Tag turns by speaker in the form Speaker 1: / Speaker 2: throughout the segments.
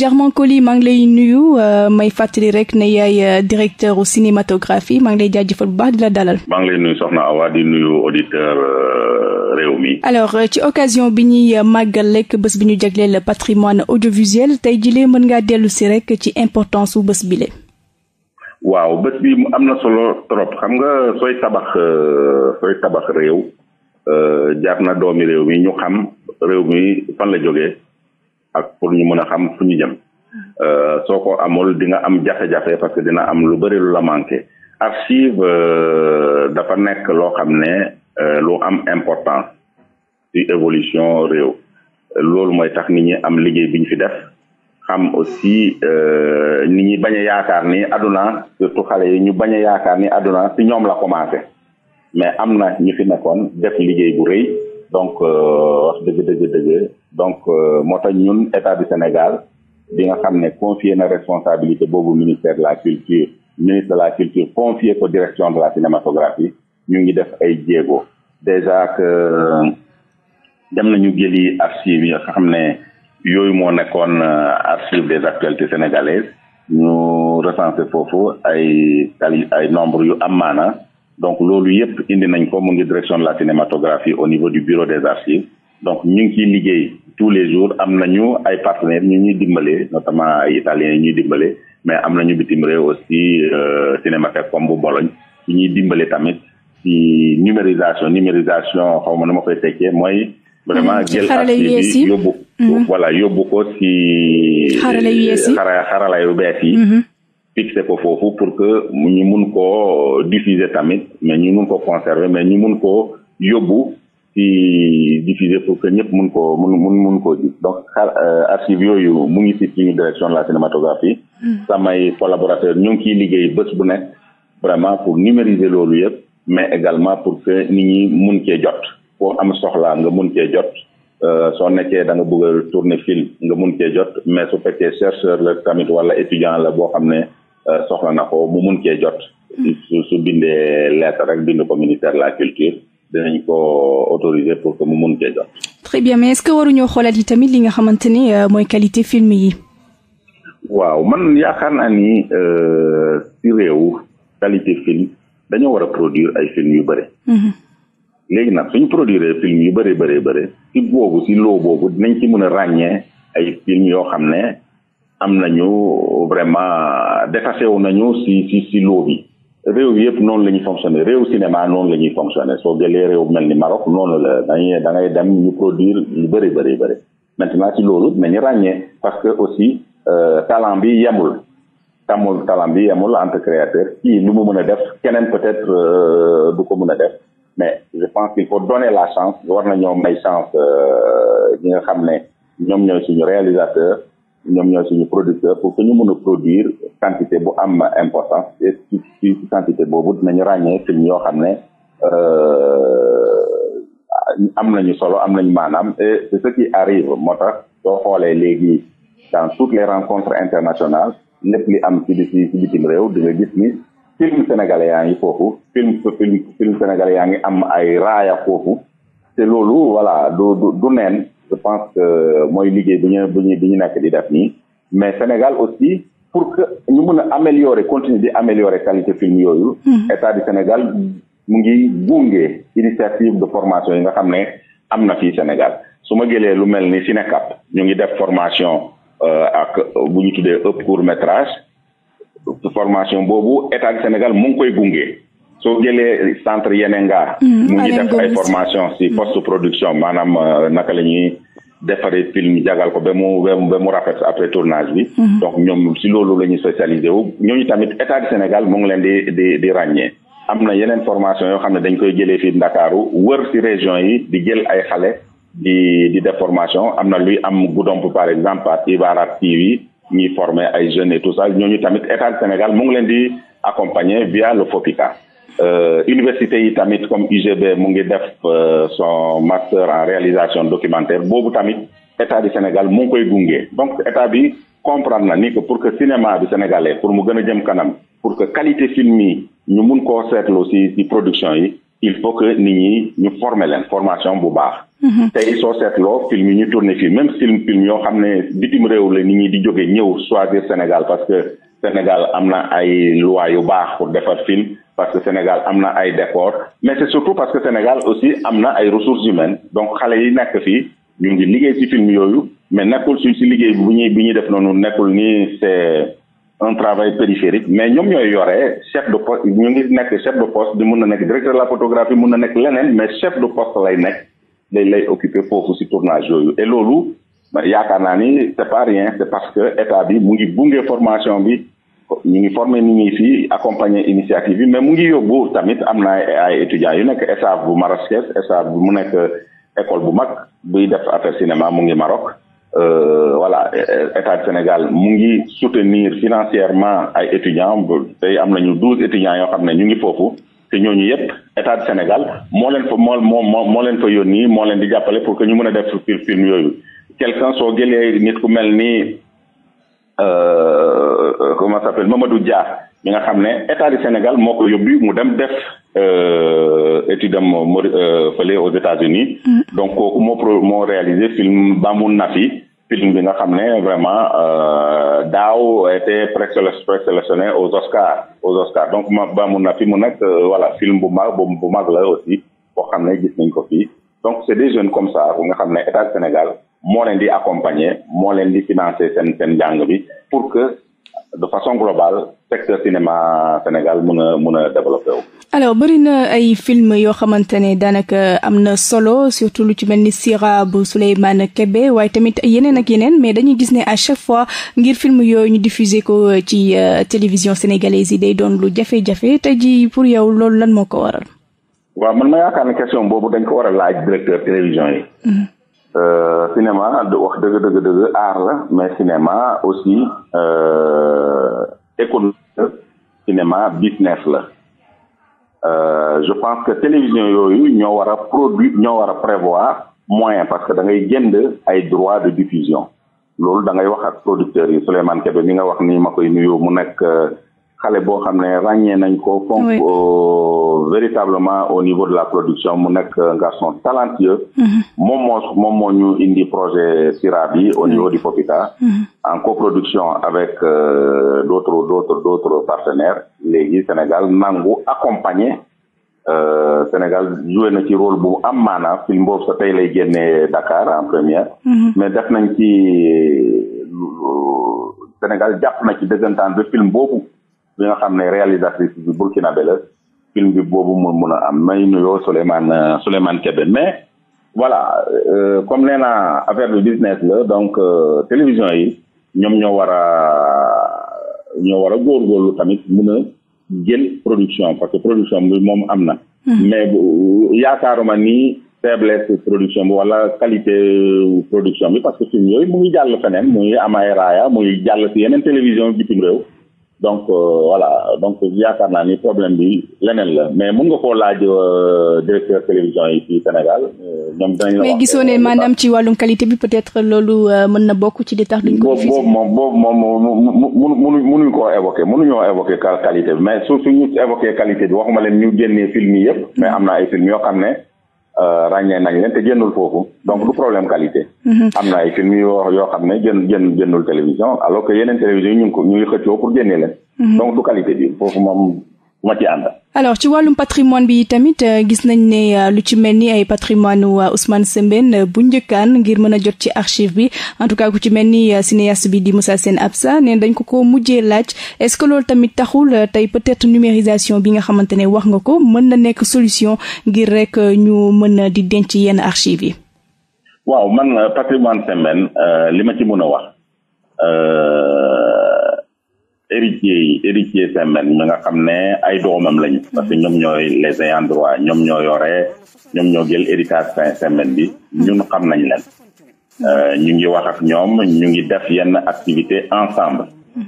Speaker 1: Germain Coly maa ngi lay nuyu euh, may fàttali rek ne yaay euh, directeur au cinématographie maa ngi lay jaajëfal bu baax di la dalal.
Speaker 2: maa ngi lay nuyu soxna Awa di nuyu auditeur euh, réew mi.
Speaker 1: alors ci occasion bi ñuy màggal lekk bés bi ñu jagleel patrimoine audiovisuel tey jii mën ngaa dellusi rek ci importance su bés bile.
Speaker 2: waaw bés bi am na solo trop xam nga sooy tabax sooy tabax réew jaar na doomi réew mi ñu xam réew mi fan la jógee. ak pour ñu mën a xam fu ñu jëm euh, soo ko amul dina am jafe-jafe parce que dina am lu bëri lu la manqué archive euh, dafa nekk loo xam ne euh, lu am important ci évolution réew loolu mooy tax ni ñi am liggéey bi ñu fi def xam aussi ni ñi bañ a yaakaar ni àdduna surtout xale yi ñu bañ a yaakaar ni àdduna si ñoom la commencé mais am na ñu fi nekkoon def liggéey bu rëy donc euh, wax dëgg dëgg donc euh, moo tax ñun état du Sénégal bi nga xam ne confié na responsabilité boobu ministère de la culture ministre de la culture confié ko direction de la cinématographie ñu ngi def ay jéego déjà que euh, dem nañu jëli archive yi nga xam ne yooyu moo nekkoon archive des actualités sénégalaises ñu recensé foofu ay ay nombre yu amaana donc loolu yëpp indi nañ ko mu ngi direction de la cinématographie au niveau du bureau des archives donc ñu ngi ciy liggéey tous les jours am nañu ay partenaires ñu ñuy dimbale notamment ay italiens ñu dimbale mais am nañu bitim réew aussi euh, cinémathèque comme bu Bologne ci ñuy dimbale tamit ci numérisation numérisation xaw ma nu ma koy tekkee mooy vraiment mm-hmm. jël xarale yu yi yóbbu mm-hmm. voilà yóbbu ko ci xarala yu bees yi mm-hmm. fixé ko foofu pour que mu ñu mun koo diffuser tamit mais ñu mun ko conserver mais ñu mun koo yóbbu ci diffuser pour que ñëpp mun ko mun mun mun koo donc xar euh, archive yooyu mu ngi ci suñu direction de la cinématographie hmm. samay collaborateur ñu ngi ciy liggéey bés bu nekk vraiment pour numériser loolu yëpp mais également pour que nit mun cee jot foo am soxlaa nga mun cee jot euh, soo nekkee da nga bëgg a tourner film nga mun cee jot mais su fekkee chercheur la tamit wala étudiant la boo xam ne Euh, soxla na ko mu mun cee jot mm. su su bindee lettre rek bind ko ministère de la culture dinañ ko autoriser pour que mu mun cee jot.
Speaker 1: très bien mais est-ce que waruñoo xoolaat yi tamit li nga xamante ne euh, mooy qualité film yi.
Speaker 2: waaw man yaakaar naa ni euh, si réew qualité film dañoo war a produire ay film yu bëri. Mm-hmm. léegi nag suñ produire film yu bëree bëree bëri si boobu si loo boobu ci mën a ràññee ay film yoo xam ne. am nañu vraiment dépassé wu nañu si si si loo bi réew yëpp noonu la ñuy fonctionner réew cinéma noonu la ñuy fonctionner soo jëlee réew mel ni Maroc noonu la dañuy da ngay dem ñu produire lu bëri bëri bëri maintenant ci loolu nañu ràññee parce que aussi euh, talent bi yemul tamul talent bi yemul entre créateur kii lu mu mën a def keneen peut-être euh, du ko mën a def mais je pense qu'il faut donner la chance war na ñoo may chance euh, ñi nga xam ne ñoom ñooy suñu réalisateur ñoom ñooy suñu producteur pour que ñu mën a produire quantité bu am important et quantité boobu dinañu ràññee film yoo xam ne euh, am nañu solo am nañu maanaam e c'est ce qui arrive moo tax soo xoolee léegi dans toutes les rencontres internationales lépp li am ci ci bitim réew di gis ni film sénégalais yaa ngi foofu film film film sénégalais yaa ngi am ay raaya foofu te loolu voilà du du du neen je pense que mooy liggéey bi ñu bi ñu bi ñu nekk di def nii mais Sénégal aussi pour que ñu mën a améliorer continuer di améliorer qualité film yooyu mm-hmm. état du Sénégal mu ngi gunge initiative de formation yi nga xam ne am na fii Sénégal su ma jëlee lu mel ni Cinecap ñu ngi def formation euh, ak bu ñu tuddee ëpp court métrage formation boobu état du Sénégal mu ngi koy gunge soo jëlee centre Yenenga mm, mu ngi def ay formation si mm. post production maanaam euh, naka la ñuy defaree film jagal ko ba mu ba rafet après tournage bi mm-hmm. donc ñoom si loolu la ñuy spécialisé wu ñooñu tamit état du Sénégal mu ngi leen di di di ràññee am na yeneen formation yoo xam ne dañ koy jëlee fii Ndakaaru wër si région yi di jël ay xale di di am na luy am Goudomp par exemple par Ibarat TV ñuy former ay jeunes et tout ça ñooñu tamit état du Sénégal mu ngi leen di accompagner via le Euh, université yi tamit comme UGB mu ngi def euh, son master en réalisation documentaire boobu tamit état du Sénégal mu ngi koy gunge donc état bi comprendre na ni que pour que cinéma bi sénégalais pour mu gën a jëm kanam pour que qualité film yi ñu mun koo seetlu si si production yi il faut que nit ñi ñu former leen formation bu baax. Mm-hmm. tey soo seetloo film yi ñu tourné fii même film film yoo xam ne bitim réew la nit ñi di jóge ñëw choisir Sénégal parce que. Sénégal am na ay loi yu baax pour defar film parce que Sénégal am na ay décor mais c'est surtout parce que Sénégal aussi am na ay ressources humaines donc xale yi nekk fii ñu ngi liggéey ci film yooyu mais nekkul suñ si liggéey bu ñuy bi ñuy def noonu nekkul ni c'est un travail périphérique mais ñoom ñooy yore chef de poste ñu ngi nekk chef de poste di mun na nekk directeur de la photographie mun na nekk leneen mais chef de poste lay nekk lay lay occupé foofu si tournage yooyu et loolu yaakaar naa ni c'est pas rien c'est parce que état bi mu ngi bunge formation bi ñu ngi former nit ñi fii accompagner initiative bi mais mu ngi yóbbu tamit am na ay étudiants yu nekk staff bu Marrakech staff bu mu nekk école bu mag buy def affaire cinéma mu ngi Maroc wala euh, état du Sénégal mu ngi soutenir financièrement ay étudiants tey am nañu douze étudiants yoo xam ne ñu ngi foofu te ñooñu yëpp état du Sénégal moo leen fa moo moo moo leen fa yónni moo leen di jàppale pour que ñu mën a def film yooyu quelqu'un soo jëlee nit ku mel ni euh, comment s'appelle Mamadou Dia mi nga xam ne état du Sénégal moo ko yóbbu mu dem def euh, étude am euh, fële aux États-Unis mm. donc kooku moo pro moo réalisé film Baamun Nafi film bi nga xam ne vraiment daaw été présélectionné aux Oscars aux Oscars donc Baamun Nafi mu nekk voilà film bu mag bu mag la aussi boo xam ne gis nañ ko fii donc c'est des jeunes comme ça bu nga xam ne état du Sénégal moo leen di accompagner moo leen di financer seen seen bi pour que de façon globale secteur cinéma Sénégal mun a mun a développé
Speaker 1: alors bëri na ay film yoo xamante ne daanaka am na solo surtout lu ci mel ni Sira bu Souleymane Kébé waaye tamit yeneen ak yeneen mais dañuy gis ne à chaque fois ngir film yooyu ñu diffuser ko ci euh, télévision sénégalaise yi day doon lu jafe-jafe tey jii pour yow loolu lan moo ko waral.
Speaker 2: waaw man ma yaakaar ne question boobu dañ ko war a yi. Mm-hmm. Euh, cinéma wax dëgg dëgg dëgg art la mais cinéma aussi euh, économie cinéma business la euh, je pense que télévision yooyu ñoo war a produire ñoo war a prévoir moyen parce que da ngay jënd ay droits de diffusion loolu da ngay wax ak producteurs yi Souleymane Kébé mi nga wax ni ma koy nuyoo mu nekk euh, xale boo xam ne ràññee nañ ko. fonk euh, véritablement au niveau de la production mu nekk garçon talentueux. Mm-hmm. moom moo moom moo ñu indi projet Sira bi au mm-hmm. niveau du Popita. Mm-hmm. en avec euh, d'autres d'autres d'autres partenaires léegi Sénégal nangu accompagner. Euh, Sénégal joué na ci rôle bu am maana film boobu sa tey lay génnee Dakar en première mais def nañ ci euh, Sénégal jàpp na ci dëggantaan ba film boobu bi nga xam ne réalisatrice bi burkinabé la film bi boobu mu mun a am may nuyoo Souleymane euh, Souleymane Kébé mais voilà euh, comme nee naa affaire de business la donc euh, télévision yi ñoom ñoo war a ñoo war a góorgóorlu tamit mun a jël production parce que production bi moom am na hmm. mais yaakaaruma ni faiblesse production bi wala qualité production bi parce que film yooyu mu ngi jàll feneen muy am ay raaya muy jàll si yeneen télévision bitim réew donc euh, voilà donc yaakaar naa ni problème bi leneen la mais mun nga koo laaj euh, directeur télévision yi fii Sénégal euh, ñoom dinañ la mais gisoo
Speaker 1: ne maanaam ci wàllum qualité bi peut-être loolu mën na bokk ci di tax. duñ ko diffusé boobu
Speaker 2: moom boobu moom munu munuñ koo évoqué munuñoo évoqué qualité bi mais su suñu évoqué qualité bi waxuma leen ñu génnee film yi yëpp. mais mm. am na ay film yoo xam ne. Euh, ràññee nañ leen te génnul foofu donc du problème qualité. Mm-hmm. am na ay film yo yoo xam ne génn génn génnul télévision alors que yeneen télévision yi ñu ngi ko ñu ngi xëccoo pour génne leen. Mm-hmm. donc du qualité bi foofu moom ma ci ànd.
Speaker 1: alors ci wàllum patrimoine bi tamit euh, gis nañ ne euh, lu ci mel ni ay patrimoine waa euh, Ousmane Sembène bu njëkkaan ngir mën a jot ci archive bi en tout cas ku ci mel ni cinéaste bi di Moussa Sène Absa ne dañ ko ko mujjee laaj est-ce que loolu tamit taxul tey peut-être numérisation bi nga xamante ne wax nga ko mën na nekk solution ngir rek ñu mën a di denc yenn archive yi.
Speaker 2: waaw man patrimoine Sembène li ci mën a wax. héritier yi héritier semmen ñi nga xam ne ay doomam lañu mm-hmm. parce que ñoom ñooy les ayants droit ñoom ñoo yore ñoom ñoo jël héritage fin bi mm-hmm. ñun xam nañ leen euh, ñu ngi wax ak ñoom ñu ngi def yenn activité ensemble mm-hmm.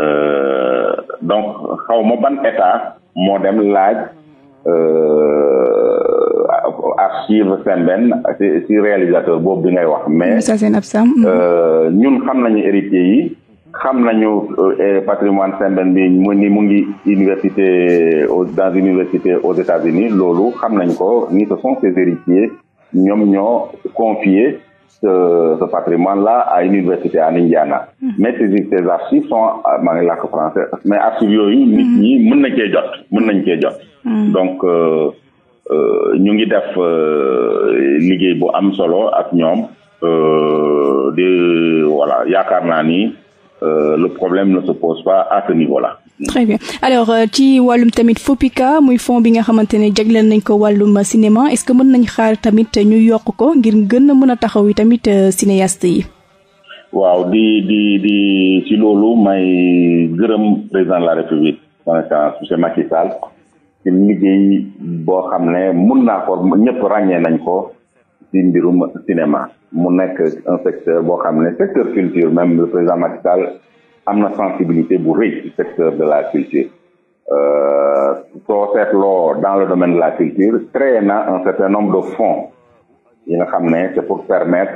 Speaker 2: euh, donc xaw ma ban état moo dem laaj euh, archive Sembène si réalisateur bo bi ngay wax mais ñun xam nañu héritier yi xam nañu euh, patrimoine Sembène bi moo ni mu ngi université dans une université aux États-Unis loolu xam nañ ko ni ce sont ses héritiers ñoom ñoo confié euh, ce, ce patrimoine la a une université en Indiana mm -hmm. mais ces, ces archives sont euh, maa ngi làkk français mais archives yooyu ni mm-hmm. ñi mën nañ cee jot mën nañ cee jot mm-hmm. donc ñu ngi def liggéey bu am solo ak ñoom de voilà yaakaar naa ni Euh, problème ne se pas à ce niveau-là.
Speaker 1: très bien alors euh, ci wàllum tamit FOPICA muy fond bi nga xamante ne jagleel nañ ko wàllum cinéma est que mën nañ xaar tamit ñu yokk ko ngir gën a mën a taxaw yi tamit euh, cinéaste yi.
Speaker 2: waaw di di di ci loolu may gërëm président de la république son excellence monsieur Macky ci liggéey boo xam ne mun naa ko ñëpp ràññee nañ ko. ci mbirum cinéma mu nekk un secteur boo xam ne secteur culture même le président Macky Sall am na sensibilité bu rëy ci secteur de la culture euh, soo seetloo dans le domaine de la culture créé na un certain nombre de fonds yi nga xam ne c'est pour permettre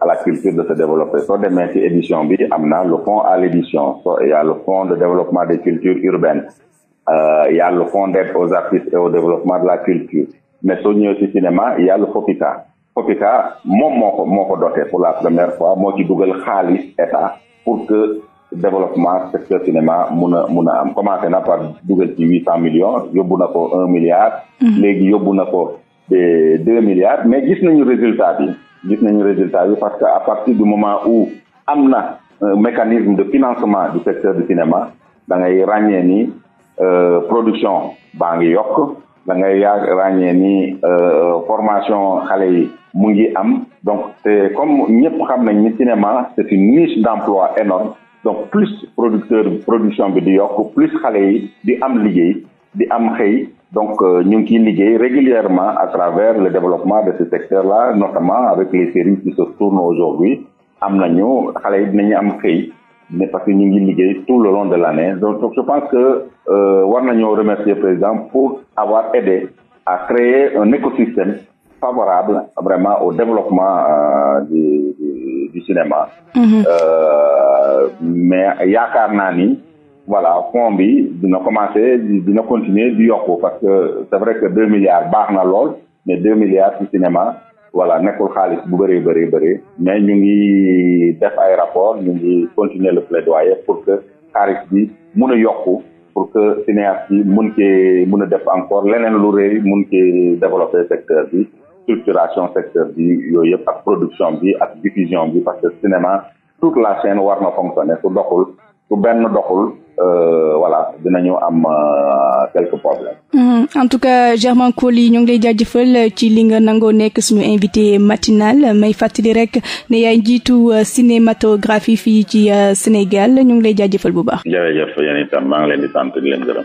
Speaker 2: à la culture de se développer soo demee ci édition bi am na le fonds à l'édition so il y a le fonds de développement des cultures urbaines euh, il y a le fonds d'aide aux artistes et au développement de la culture mais soo a OPICA moom moo ko moo ko doté pour la première fois moo ci dugal xaalis état pour que développement secteur cinéma mun a mun a am commencé na par dugal ci huit cent millions yóbbu na ko un milliard mm-hmm. léegi yóbbu na ko deux milliards mais gis nañu résultat bi gis ñu résultat bi parce que à partir du moment où am na mécanisme de financement du secteur du cinéma da ngay ràññee ni euh, production baa ngi yokk da ngay yaa ràññee ni euh, formation xale yi mu ngi am donc c'est comme ñëpp xam nañ ni cinéma c'est une niche d'emploi énorme donc plus producteur production bi di yokk plus xale yi di am liggéey di am xëy donc euh, ñu ngi ciy liggéey régulièrement à travers le développement de ce secteur-là notamment avec les séries qui se tournent aujourd'hui am nañu xale yi dinañu am xëy mais parce que ñu ngi liggéey tout le long de l'année donc je pense que euh, war nañoo remercier président pour avoir aidé à créer un écosystème favorable vraiment au développement euh, du, du, du, cinéma. Mhm. Euh, mais yaakaar naa ni voilà fond bi dina commencer dina continuer di yokk parce que c'est vrai que deux milliards baax na lool mais deux milliards ci cinéma wala nekkul xaalis bu bëree bëri bëri mais ñu ngi def ay rapport ñu ngi continuer le plaidoyer pour que xaalis bi mun a yokku pour que cinéaste yi mun cee mun a def encore leneen lu rëy mun cee développer secteur bi structuration secteur bi yooyu yëpp ak production bi ak diffusion bi parce que cinéma toute la chaîne war na fonctionner su doxul su benn doxul euh, voilà dinañu am euh, quelques problèmes.
Speaker 1: Mm-hmm. en tout cas Germain Coly ñu ngi lay jaajëfal ci li nga nangoo nekk suñu invité matinal may fàttali rek ne yaay njiitu euh, cinématographie fii ci Sénégal ñoo ngi lay jaajëfal bu baax.
Speaker 2: jërëjëf yéen maa ngi leen di sant